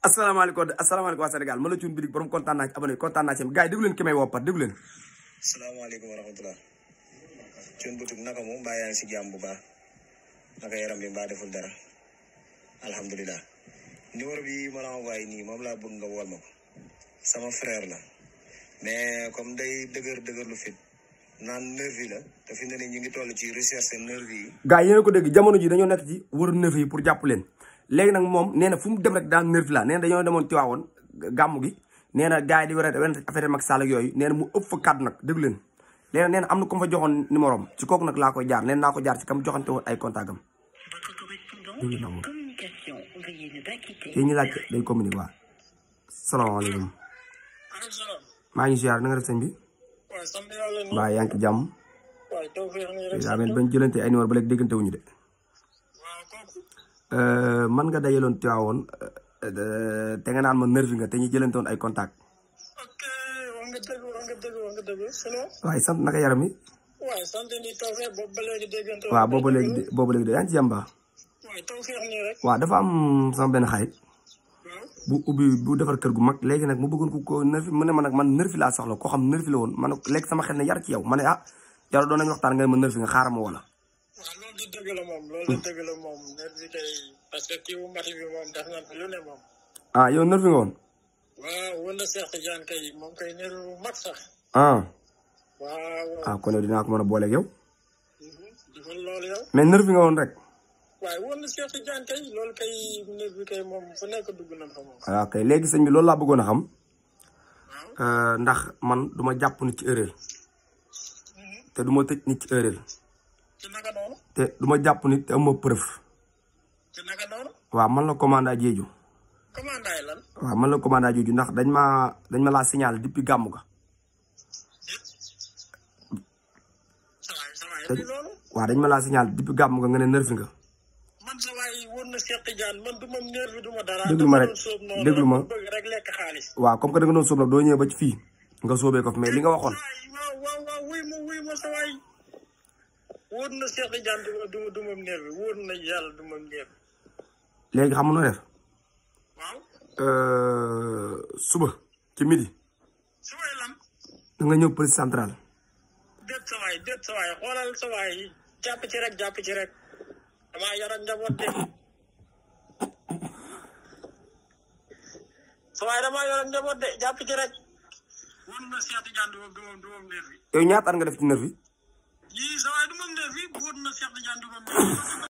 Assalamualaikum, asalaamaaleykum waa Sénégal man la Thioune Boutique borom kontaan naa ci abonné kontaan naa ci gars yi déglu leen ki may woppat déglu leen. wa naka si jàmm naka yaram bi mbaa deful dara alhamdulilah. numéro bi ma la envoyé nii moom laa bëgg nga sama frère la mais comme day deuguer deuguer lu fit naan nervi la te fi ne ni ngi toll ci recherche nervi yi. gaay yi ko dégg jamono ji dañu nekk ci wër nervi yi pour japp len léegi nag moom nee na fu mu dem rek daan nerf la nee dañoo demoon Tiwaawoon gàmm gi neena gaa gars yi di werante werante affaire Macky Sall ak yooyu nee mu ëpp fa kàddu nag déglu leen am na kom fa joxoon numéro am ci kooku nag laa koy jaar nee naa ko jaar ci kam joxante woon ay contact am déglu na moom yéen ñu laaj day communiqué maa ngi ziar na nga def sëñ bi waaw yaa ngi ci jàmm daa mel bañ jëlante ay numéro ba léegi déggante wuñu de Euh, man nga dajaloon Tiwaawoon euh, te nga naan ma nervi nga te ñu jëlantoon ay contact waaye sant naka yaram yi. waaw sant ni tawfeex boobu ba léegi déggante. waaw boobu ba léegi boobu ba léegi yaa ngi ci jàmm baax. waaw tawfeex nii rek. dafa am sama benn xarit. bu ubbi bu defar kër gu mag léegi nag mu bëggoon ko ko nervi soxla koo xam nervi la woon man léegi sama xel ne yar ci yow ma ne ah yàlla doon nañu waxtaan nga ne ma nervi nga xaaral ma wala waaw loolu dëgg la moom loolu mm. dëgg la moom nerf bi tey parce que kii mati bi moom def na lu ne moom. ah yow nerf nga woon. waaw woon na Cheikh Tidiane kay ah. Ah, a booleeg yow. Mhm, loolu kay loolu kay moom fu nekk dugg na moom. waaw ah, kay léegi sëñ bi loolu laa bëggoon a xam. Euh, ndax man du ma jàpp nit ci mhm. te duma tëj nit ci te duma japp nit te amo preuve ci naka non wa man la commanda jeju commanda lan wa man la commanda djéju ndax dañ ma dañ ma la signal depuis gamu ga wa dañ ma la signal depuis gamu ga ngéné nerf nga man sa way won na cheikh tidiane man duma nerf duma dara deglu ma rek deglu ma rek lek xaliss wa comme que da nga non soob nak do ñew ba ci fi nga soobé ko mais li nga waxon wa wa wa wi mo wi mo sa way wóor na Cheikh Tidiane du du du moom néew bi wóor na yàlla du Subuh. néew bi léegi xam nga def waaw euh, suba ci midi suba lan da nga ñëw police centrale déet sa waay déet sa waay xoolal sa waay jàpp ci rek jàpp ci rek damaa njaboot de sa waay njaboot de jàpp ci rek wóor na du du bi yow ñaata nga def ci Il dit, ça va être mon avis, pour ne faire rien de